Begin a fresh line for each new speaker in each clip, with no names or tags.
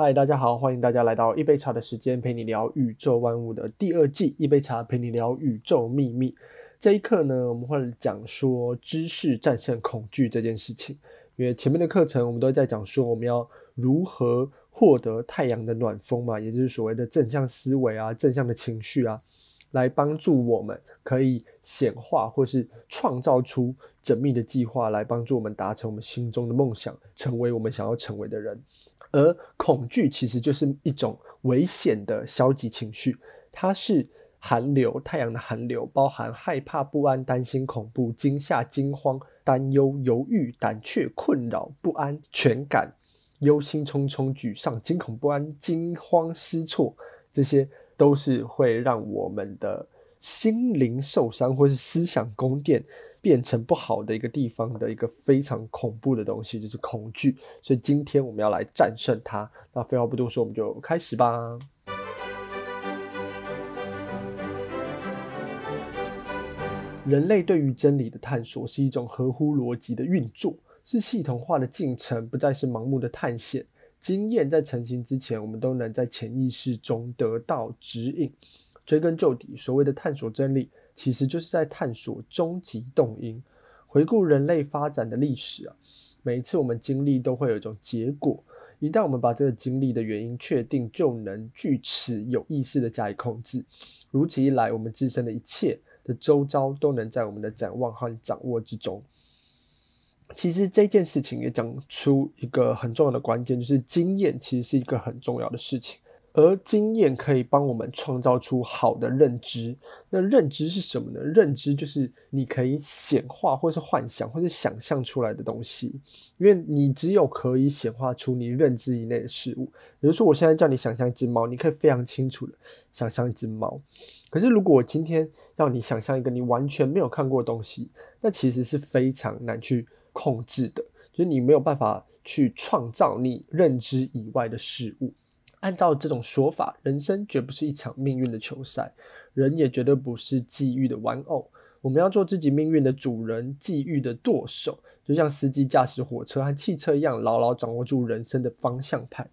嗨，Hi, 大家好，歡迎大家來到《一杯茶的時間》陪你聊宇宙萬物的第二季，《一杯茶陪你聊宇宙秘密》。這一課呢，我們會講說知識戰勝恐懼這件事情，因為前面的課程我們都在講說，我們要如何獲得太陽的暖風嘛，也就是所謂的正向思維啊、正向的情緒啊，來幫助我們可以顯化或是創造出縝密的計劃，來幫助我們達成我們心中的夢想，成為我們想要成為的人。而恐懼其實就是一種危險的消極情緒，它是寒流，太陽的寒流，包含害怕、不安、擔心、恐怖、驚嚇、驚慌、擔憂、猶豫、膽怯、困擾、不安全感、憂心忡忡、沮喪、驚恐不安、驚慌失措，這些都是會讓我們的心靈受傷，或是思想宮殿變成不好的一個地方的一個非常恐怖的東西，就是恐懼。所以今天我們要來戰勝它。那廢話不多說，我們就開始吧。人類對於真理的探索是一種合乎邏輯的運作，是系統化的進程，不再是盲目的探險。經驗在成型之前，我們都能在潛意識中得到指引。追根究底，所謂的探索真理，其實就是在探索終極動因。回顧人類發展的歷史啊，每一次我們經歷都會有一種結果。一旦我們把這個經歷的原因確定，就能據此有意識的加以控制。如此一來，我們自身的一切的周遭都能在我們的展望和掌握之中。其實這件事情也講出一個很重要的關鍵，就是經驗其實是一個很重要的事情。而經驗可以幫我們創造出好的認知。那認知是什麼呢？認知就是你可以顯化，或是幻想，或是想象出來的東西。因為你只有可以顯化出你認知以內的事物。比如說，我現在叫你想象一隻貓，你可以非常清楚的想象一隻貓。可是，如果我今天要你想象一個你完全沒有看過的東西，那其實是非常難去控制的。就是你沒有辦法去創造你認知以外的事物。按照這種說法，人生絕不是一場命運的球賽，人也絕對不是際遇的玩偶。我們要做自己命運的主人，際遇的舵手，就像司機駕駛火車和汽車一樣，牢牢掌握住人生的方向盤。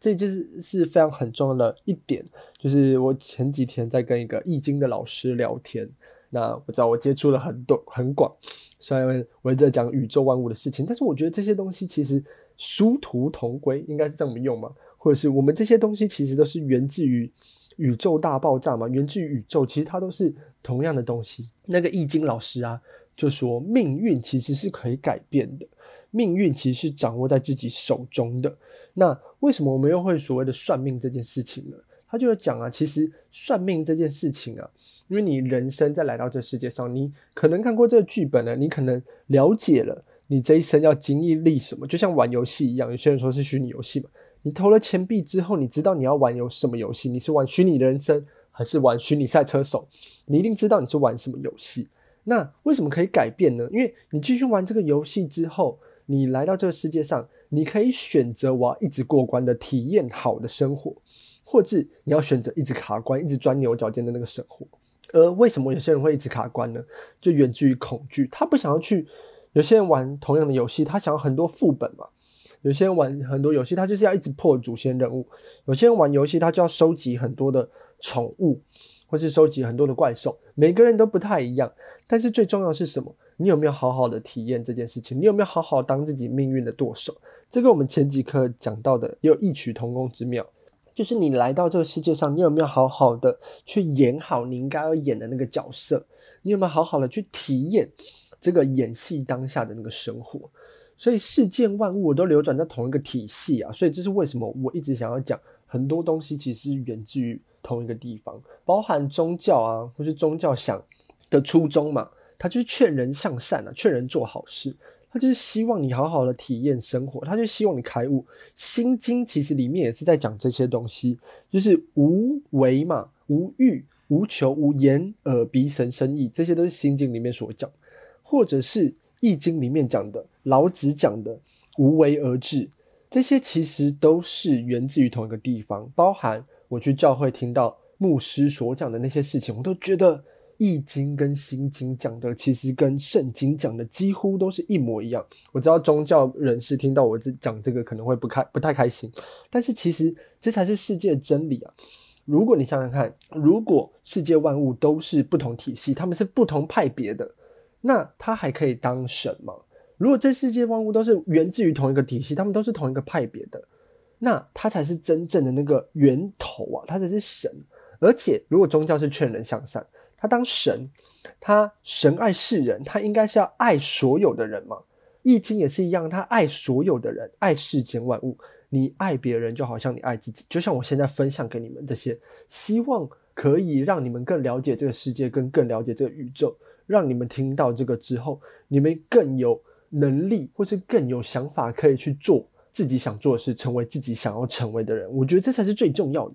這就是是非常很重要的一點。就是我前幾天在跟一個易經的老師聊天，那我知道我接觸了很多很廣，雖然我在講宇宙萬物的事情，但是我覺得這些東西其實殊途同歸，應該是這麼用嗎？或者是我們這些東西其實都是源自於宇宙大爆炸嘛，源自於宇宙，其實它都是同樣的東西。那個易經老師啊，就說命運其實是可以改變的，命運其實是掌握在自己手中的。那為什麼我們又會所謂的算命這件事情呢？他就有講啊，其實算命這件事情啊，因為你人生在來到這個世界上，你可能看過這個劇本了，你可能了解了你這一生要經歷歷什麼，就像玩遊戲一樣，有些人說是虛擬遊戲嘛。你投了錢幣之後，你知道你要玩遊什麼遊戲？你是玩虛擬人生還是玩虛擬賽車手？你一定知道你是玩什麼遊戲。那為什麼可以改變呢？因為你繼續玩這個遊戲之後，你來到這個世界上，你可以選擇我要一直過關的體驗好的生活，或者你要選擇一直卡關、一直鑽牛角尖的那個生活。而為什麼有些人會一直卡關呢？就源自於恐懼，他不想要去。有些人玩同樣的遊戲，他想要很多副本嘛。有些人玩很多遊戲，他就是要一直破主線任務；有些人玩遊戲，他就要收集很多的寵物，或是收集很多的怪獸。每個人都不太一樣，但是最重要的是什麼？你有沒有好好的體驗這件事情？你有沒有好好當自己命運的舵手？這跟我們前幾課講到的有異曲同工之妙。就是你來到這個世界上，你有沒有好好的去演好你應該要演的那個角色？你有沒有好好的去體驗這個演戲當下的那個生活？所以世間萬物都流轉在同一個體系啊，所以這是為什麼我一直想要講很多東西，其實源自於同一個地方，包含宗教啊，或是宗教想的初衷嘛，他就是勸人向善啊，勸人做好事，他就是希望你好好的體驗生活，他就希望你開悟。心經其實裡面也是在講這些東西，就是無為嘛，無欲、無求、無眼，耳、呃、鼻、神、身意，這些都是心經裡面所講，或者是易經裡面講的。老子講的“無為而治”，這些其實都是源自於同一個地方。包含我去教會聽到牧師所講的那些事情，我都覺得《易經》跟《心經》講的，其實跟《聖經》講的幾乎都是一模一樣。我知道宗教人士聽到我這講這個可能會不開不太開心，但是其實這才是世界的真理啊！如果你想想看，如果世界萬物都是不同體系，他們是不同派別的，那他還可以當什麼？如果這世界萬物都是源自於同一個體系，他們都是同一個派別的，那它才是真正的那個源頭啊！它才是神。而且，如果宗教是勸人向善，他當神，他神愛世人，他應該是要愛所有的人嘛？《易經》也是一樣，他愛所有的人，愛世間萬物。你愛別人，就好像你愛自己。就像我現在分享給你們這些，希望可以讓你們更了解這個世界，跟更更了解這個宇宙，讓你們聽到這個之後，你們更有能力，或是更有想法，可以去做自己想做的事，成為自己想要成為的人。我覺得這才是最重要的。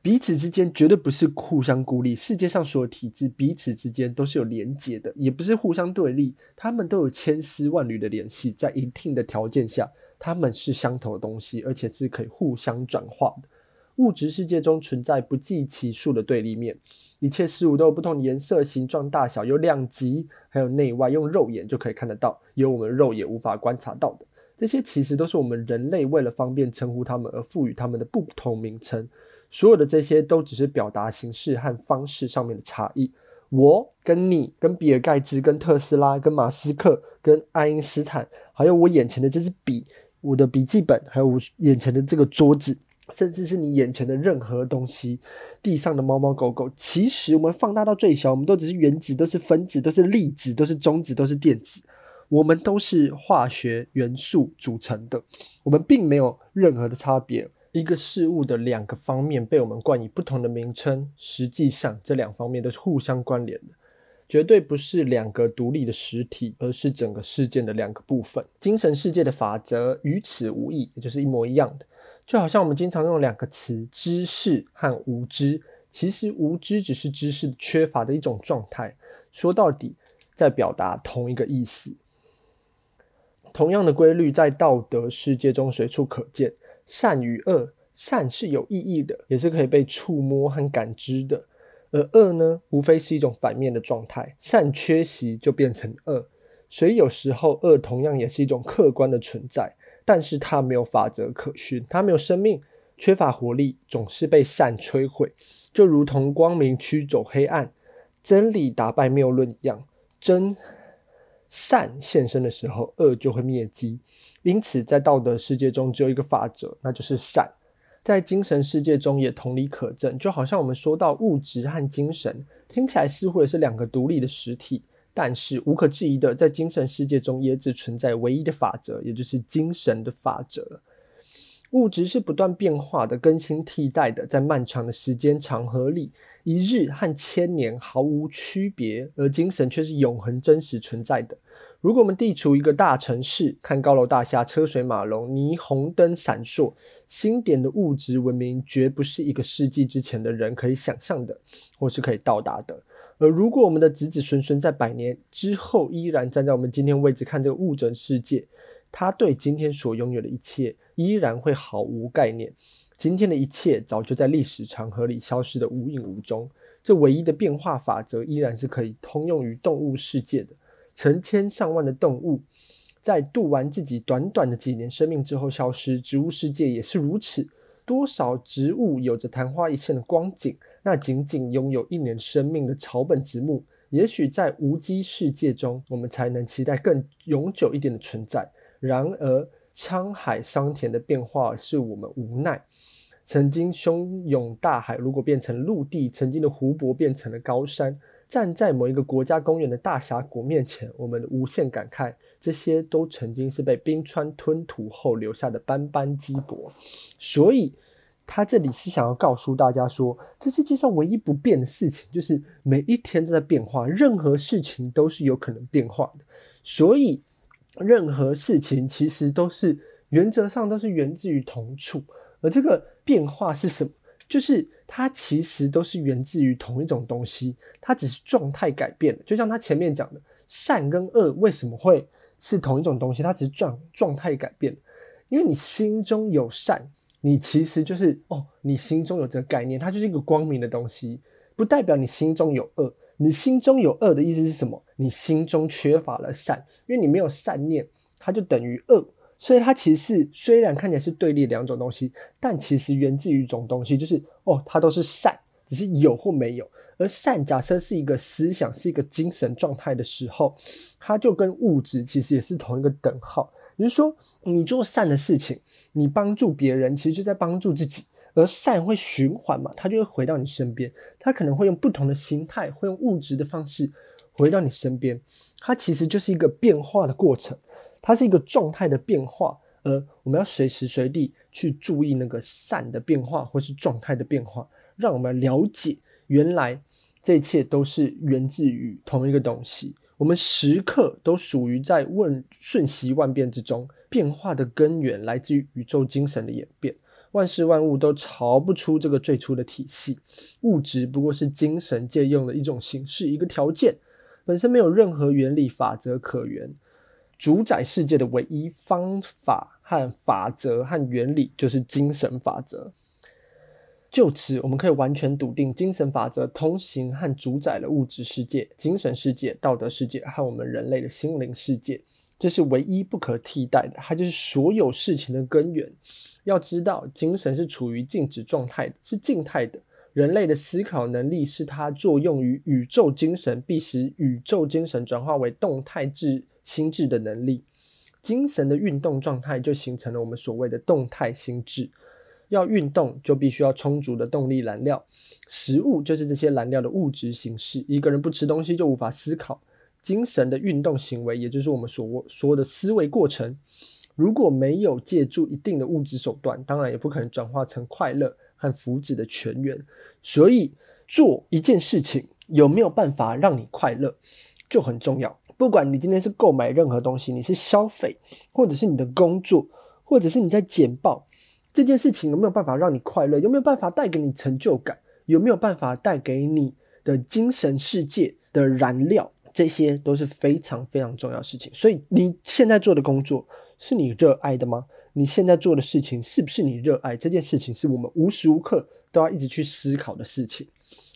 彼此之間絕對不是互相孤立，世界上所有體制彼此之間都是有連接的，也不是互相對立，他們都有千絲萬縷的聯繫，在一定的條件下，他們是相同的東西，而且是可以互相轉化的。物質世界中存在不計其數的對立面，一切事物都有不同顏色、形狀、大小、有量級，還有內外，用肉眼就可以看得到，有我們肉眼無法觀察到的。這些其實都是我們人類為了方便稱呼它們而賦予它們的不同名稱。所有的這些都只是表達形式和方式上面的差異。我跟你、跟比爾蓋茨、跟特斯拉、跟馬斯克、跟愛因斯坦，還有我眼前的這支筆、我的筆記本，還有我眼前的這個桌子。甚至是你眼前的任何東西，地上的貓貓狗狗，其實我們放大到最小，我們都只是原子，都是分子，都是粒子，都是中子，都是電子，我們都是化學元素組成的。我們並沒有任何的差別。一個事物的兩個方面被我們冠以不同的名稱，實際上這兩方面都是互相關聯的，絕對不是兩個獨立的實體，而是整個事件的兩個部分。精神世界的法則與此無異，也就是一模一樣的。就好像我們經常用兩個詞“知識”和“無知”，其實無知只是知識缺乏的一種狀態，說到底在表達同一個意思。同樣的規律在道德世界中隨處可見，善與惡，善是有意義的，也是可以被觸摸和感知的，而惡呢，無非是一種反面的狀態，善缺席就變成惡，所以有時候惡同樣也是一種客觀的存在。但是它沒有法則可循，它沒有生命，缺乏活力，總是被善摧毀，就如同光明驅走黑暗，真理打敗謬論一樣。真善現身的時候，惡就會滅跡。因此，在道德世界中只有一個法則，那就是善。在精神世界中也同理可證，就好像我們說到物質和精神，聽起來似乎也是兩個獨立的實體。但是無可置疑的，在精神世界中也只存在唯一的法則，也就是精神的法則。物質是不斷變化的、更新替代的，在漫長的時間長河裡，一日和千年毫無區別，而精神卻是永恆真實存在的。如果我們地處一個大城市，看高樓大廈、車水馬龍、霓虹燈閃爍，星點的物質文明絕不是一個世紀之前的人可以想象的，或是可以到達的。而如果我們的子子孫孫在百年之後，依然站在我們今天位置，看這個物質世界，它對今天所擁有的一切依然會毫無概念。今天的一切早就在歷史長河裡消失得無影無蹤。這唯一的變化法則依然是可以通用於動物世界的，成千上萬的動物在度完自己短短的幾年生命之後消失，植物世界也是如此。多少植物有着曇花一現的光景？那僅僅擁有一年生命的草本植物，也許在無機世界中，我們才能期待更永久一點的存在。然而，滄海桑田的變化是我們無奈。曾經洶湧大海，如果變成陸地；曾經的湖泊變成了高山。站在某一個國家公園的大峽谷面前，我們無限感慨，這些都曾經是被冰川吞吐後留下的斑斑積薄。所以，他這裡是想要告訴大家說，這世界上唯一不變的事情，就是每一天都在變化，任何事情都是有可能變化的。所以，任何事情其實都是原則上都是源自於同處，而這個變化是什麼？就是它其實都是源自於同一種東西，它只是狀態改變了。就像他前面講的，善跟惡為什麼會是同一種東西？它只是狀狀態改變了。因為你心中有善，你其實就是哦，你心中有這個概念，它就是一個光明的東西，不代表你心中有惡。你心中有惡的意思是什麼？你心中缺乏了善，因為你沒有善念，它就等於惡。所以它其實雖然看起來是對立兩種東西，但其實源自於一種東西，就是哦，它都是善，只是有或沒有。而善假設是一個思想，是一個精神狀態的時候，它就跟物質其實也是同一個等號。也就是說，你做善的事情，你幫助別人，其實就在幫助自己。而善會循環嘛，它就會回到你身邊。它可能會用不同的形態，會用物質的方式回到你身邊。它其實就是一個變化的過程。它是一個狀態的變化，而我們要隨時隨地去注意那個善的變化或是狀態的變化，讓我們了解原來這一切都是源自於同一個東西。我們時刻都屬於在問瞬息萬變之中，變化的根源來自於宇宙精神的演變。萬事萬物都逃不出這個最初的體系，物質不過是精神借用的一種形式，一個條件，本身沒有任何原理法則可言。主宰世界的唯一方法和法則和原理就是精神法則。就此，我們可以完全篤定，精神法則通行和主宰了物質世界、精神世界、道德世界和我們人類的心靈世界。這是唯一不可替代的，它就是所有事情的根源。要知道，精神是處於靜止狀態的，是靜態的。人類的思考能力是它作用於宇宙精神，必使宇宙精神轉化為動態質。心智的能力，精神的運動狀態就形成了我們所謂的動態心智。要運動，就必須要充足的動力燃料，食物就是這些燃料的物質形式。一個人不吃東西，就無法思考。精神的運動行為，也就是我們所說的思維過程，如果沒有借助一定的物質手段，當然也不可能轉化成快樂和福祉的泉源。所以，做一件事情有沒有辦法讓你快樂，就很重要。不管你今天是購買任何東西，你是消費，或者是你的工作，或者是你在簡報，這件事情有沒有辦法讓你快樂？有沒有辦法帶給你成就感？有沒有辦法帶給你的精神世界的燃料？這些都是非常非常重要的事情。所以你現在做的工作是你熱愛的嗎？你現在做的事情是不是你熱愛？這件事情是我們無時無刻都要一直去思考的事情。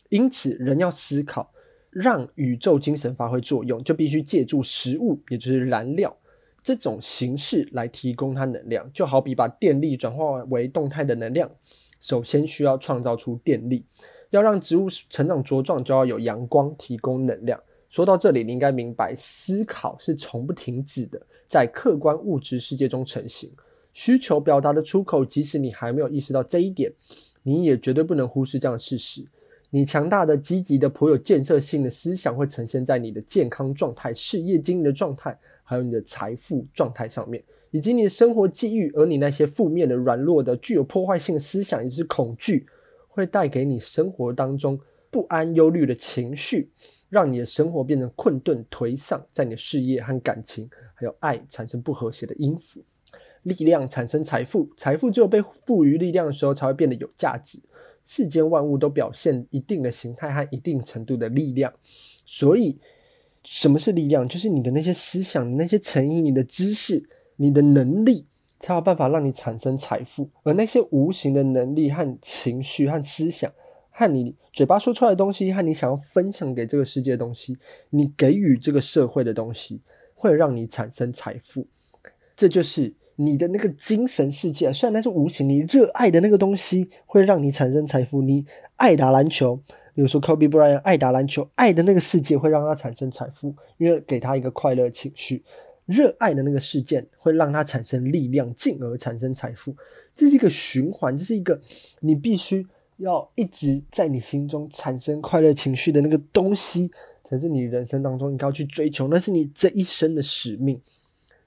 因此，人要思考。讓宇宙精神發揮作用，就必須借助食物，也就是燃料這種形式來提供它能量。就好比把電力轉化為動態的能量，首先需要創造出電力。要讓植物成長茁壯，就要有陽光提供能量。說到這裡，你應該明白，思考是從不停止的，在客觀物質世界中成型。需求表達的出口，即使你還沒有意識到這一點，你也絕對不能忽視這樣的事實。你強大的、積極的、頗有建設性的思想，會呈現在你的健康狀態、事業經營的狀態，還有你的財富狀態上面，以及你的生活機遇。而你那些負面的、軟弱的、具有破壞性思想，也就是恐懼，會帶給你生活當中不安、憂慮的情緒，讓你的生活變成困頓、頹喪，在你的事業和感情、還有愛產生不和諧的音符。力量產生財富，財富只有被賦予力量的時候，才會變得有價值。世間萬物都表現一定的形態和一定程度的力量，所以什麼是力量？就是你的那些思想、那些成因、你的知識、你的能力，才有辦法讓你產生財富。而那些無形的能力和情緒和思想，和你嘴巴說出來的東西，和你想要分享給這個世界的東西，你給予這個社會的東西，會讓你產生財富。這就是。你的那個精神世界，雖然那是無形，你熱愛的那個東西會讓你產生財富。你愛打籃球，比如說 Kobe Bryant 愛打籃球，愛的那個世界會讓他產生財富，因為給他一個快樂情緒。熱愛的那個事件會讓他產生力量，進而產生財富。這是一個循環，這是一個你必須要一直在你心中產生快樂情緒的那個東西，才是你人生當中你該要去追求，那是你這一生的使命。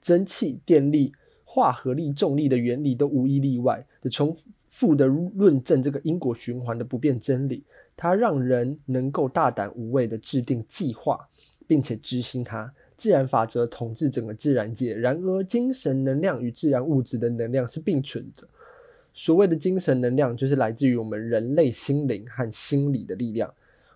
蒸汽、電力。化合力、重力的原理都無一例外的重複的論證這個因果循環的不變真理，它讓人能夠大膽無畏的制定計劃，並且執行它。自然法則統治整個自然界，然而精神能量與自然物質的能量是並存的。所謂的精神能量，就是來自於我們人類心靈和心理的力量。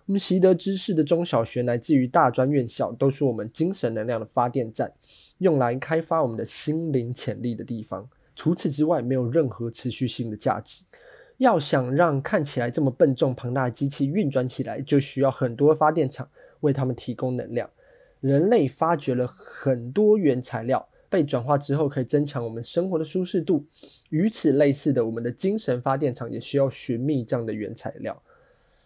我們習得知識的中小學，乃至於大專院校，都是我們精神能量的發電站，用來開發我們的心靈潛力的地方。除此之外，沒有任何持續性的價值。要想讓看起來這麼笨重龐大的機器運轉起來，就需要很多發電廠為它們提供能量。人類發掘了很多原材料，被轉化之後可以增強我們生活的舒適度。與此類似的，我們的精神發電廠也需要尋覓這樣的原材料。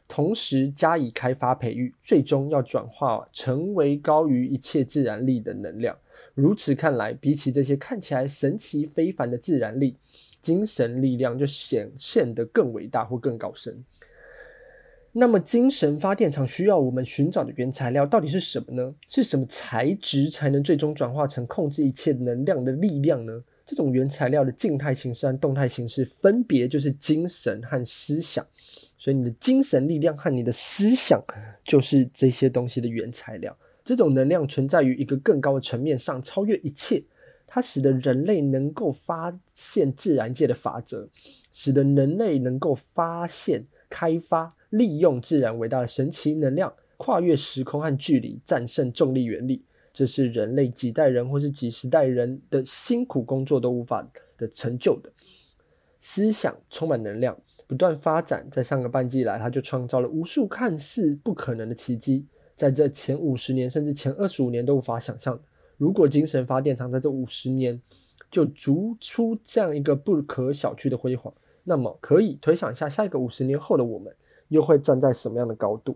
同時加以開發培育，最終要轉化成為高於一切自然力的能量。如此看來，比起這些看起來神奇非凡的自然力，精神力量就顯現得更偉大或更高深。那麼，精神發電廠需要我們尋找的原材料到底是什麼呢？是什麼材質才能最終轉化成控制一切能量的力量呢？這種原材料的靜態形式和動態形式，分別就是精神和思想。所以，你的精神力量和你的思想，就是這些東西的原材料。這種能量存在於一個更高的層面上，超越一切。它使得人類能夠發現自然界的法則，使得人類能夠發現、開發、利用自然偉大的神奇能量，跨越時空和距離，戰勝重力原理。這是人類幾代人或是幾十代人的辛苦工作都無法的成就的。思想充滿能量。不斷發展，在上個半季以來，它就創造了無數看似不可能的奇跡，在這前五十年甚至前二十五年都無法想象。如果精神發電廠在這五十年就逐出這樣一個不可小覷的輝煌，那麼可以推想一下下一個五十年後的我們又會站在什麼樣的高度？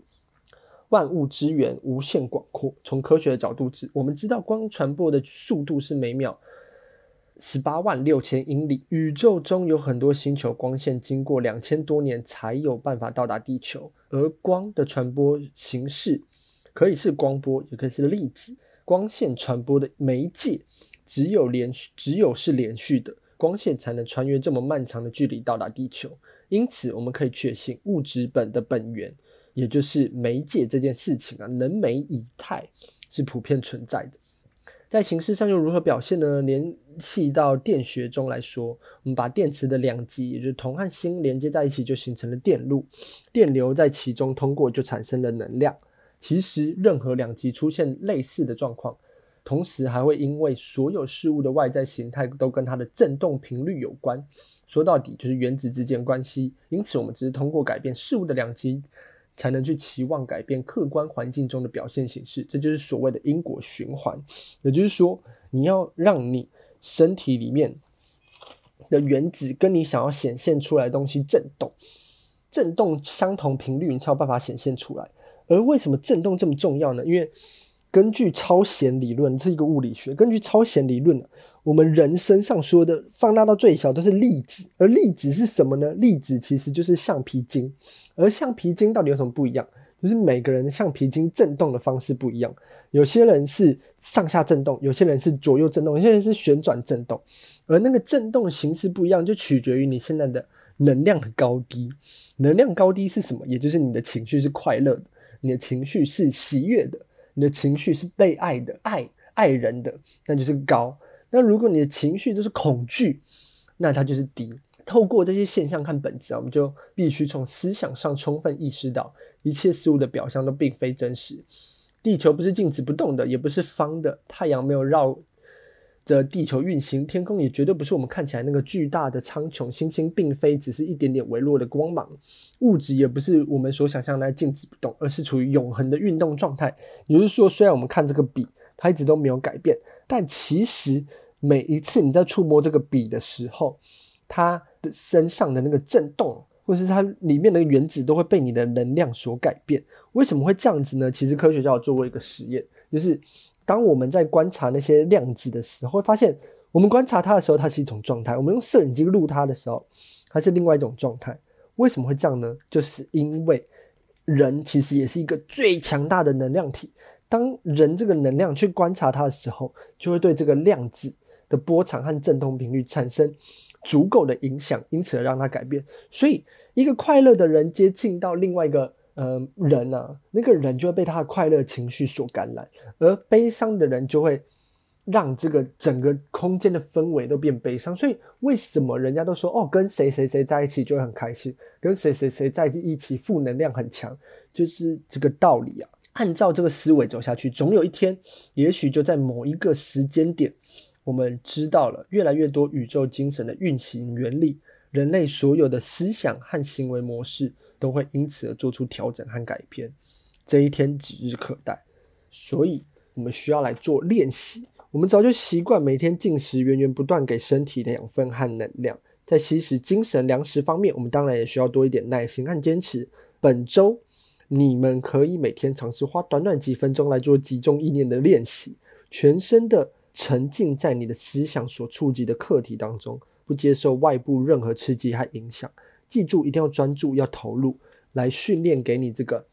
萬物之源，無限廣闊。從科學的角度指我們知道光傳播的速度是每秒。十八萬六千英里，宇宙中有很多星球，光線經過兩千多年才有辦法到達地球。而光的傳播形式可以是光波，也可以是粒子。光線傳播的媒介只有連只有是連續的光線才能穿越這麼漫長的距離到達地球。因此，我們可以確信物質本的本源，也就是媒介這件事情啊，能媒以太是普遍存在的。在形式上又如何表現呢？聯繫到電學中來說，我們把電池的兩極，也就是銅和鋅連接在一起，就形成了電路，電流在其中通過，就產生了能量。其實，任何兩極出現類似的狀況，同時還會因為所有事物的外在形態都跟它的振動頻率有關。說到底，就是原子之間關係。因此，我們只是通過改變事物的兩極，才能去期望改變客觀環境中的表現形式，這就是所謂的因果循環。也就是說，你要讓你身體裡面的原子跟你想要顯現出來的東西振動，振動相同頻率，你才有辦法顯現出來。而為什麼振動這麼重要呢？因為根據超弦理論，這是一個物理學。根據超弦理論，我們人身上說的放大到最小都是粒子，而粒子是什麼呢？粒子其實就是橡皮筋，而橡皮筋到底有什麼不一樣？就是每個人橡皮筋震動的方式不一樣，有些人是上下震動，有些人是左右震動，有些人是旋轉震動，而那個震動形式不一樣，就取決於你現在的能量的高低。能量高低是什麼？也就是你的情緒是快樂的，你的情緒是喜悅的。你的情緒是被愛的、愛愛人的，那就是高。那如果你的情緒都是恐懼，那它就是低。透過這些現象看本質啊，我們就必須從思想上充分意識到，一切事物的表象都並非真實。地球不是靜止不動的，也不是方的。太陽沒有繞。這地球運行，天空也絕對不是我們看起來那個巨大的蒼穹，星星並非只是一點點微弱的光芒，物質也不是我們所想象那靜止不動，而是處於永恆的運動狀態。也就是說，雖然我們看這個筆，它一直都沒有改變，但其實每一次你在觸摸這個筆的時候，它的身上的那個震動，或是它裡面的原子都會被你的能量所改變。為什麼會這樣子呢？其實科學家有做過一個實驗，就是。當我們在觀察那些量子的時候，會發現，我們觀察它的時候，它是一種狀態；我們用攝影機錄它的時候，它是另外一種狀態。為什麼會這樣呢？就是因為人其實也是一個最強大的能量體。當人這個能量去觀察它的時候，就會對這個量子的波長和振動頻率產生足夠的影響，因此而讓它改變。所以，一個快樂的人接近到另外一個。呃，人吶、啊，那個人就會被他的快樂情緒所感染，而悲傷的人就會讓這個整個空間的氛圍都變悲傷。所以，為什麼人家都說哦，跟誰誰誰在一起就會很開心，跟誰誰誰在一起負能量很強，就是這個道理啊。按照這個思維走下去，總有一天，也許就在某一個時間點，我們知道了越來越多宇宙精神的運行原理，人類所有的思想和行為模式。都會因此而做出調整和改變，這一天指日可待。所以，我們需要來做練習。我們早就習慣每天進食，源源不斷給身體的養分和能量。在吸食精神糧食方面，我們當然也需要多一點耐心和堅持。本周，你們可以每天嘗試花短短幾分鐘來做集中意念的練習，全身的沉浸在你的思想所觸及的課題當中，不接受外部任何刺激和影響。記住，一定要專注，要投入，來訓練給你這個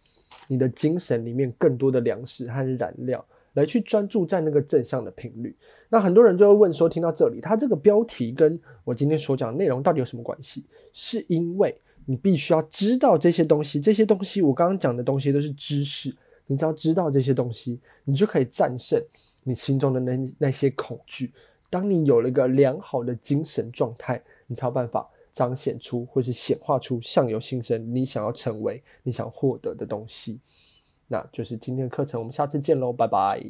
你的精神裡面更多的糧食和燃料，來去專注在那個正向的頻率。那很多人就會問說：聽到這裡，它這個標題跟我今天所講的內容到底有什麼關係？是因為你必須要知道這些東西，這些東西我剛剛講的東西都是知識，你只要知道這些東西，你就可以戰勝你心中的那那些恐懼。當你有了一個良好的精神狀態，你才有辦法。彰顯出，或是顯化出，相由心生，你想要成為，你想獲得的東西，那就是今天的課程。我們下次見嘍，拜拜。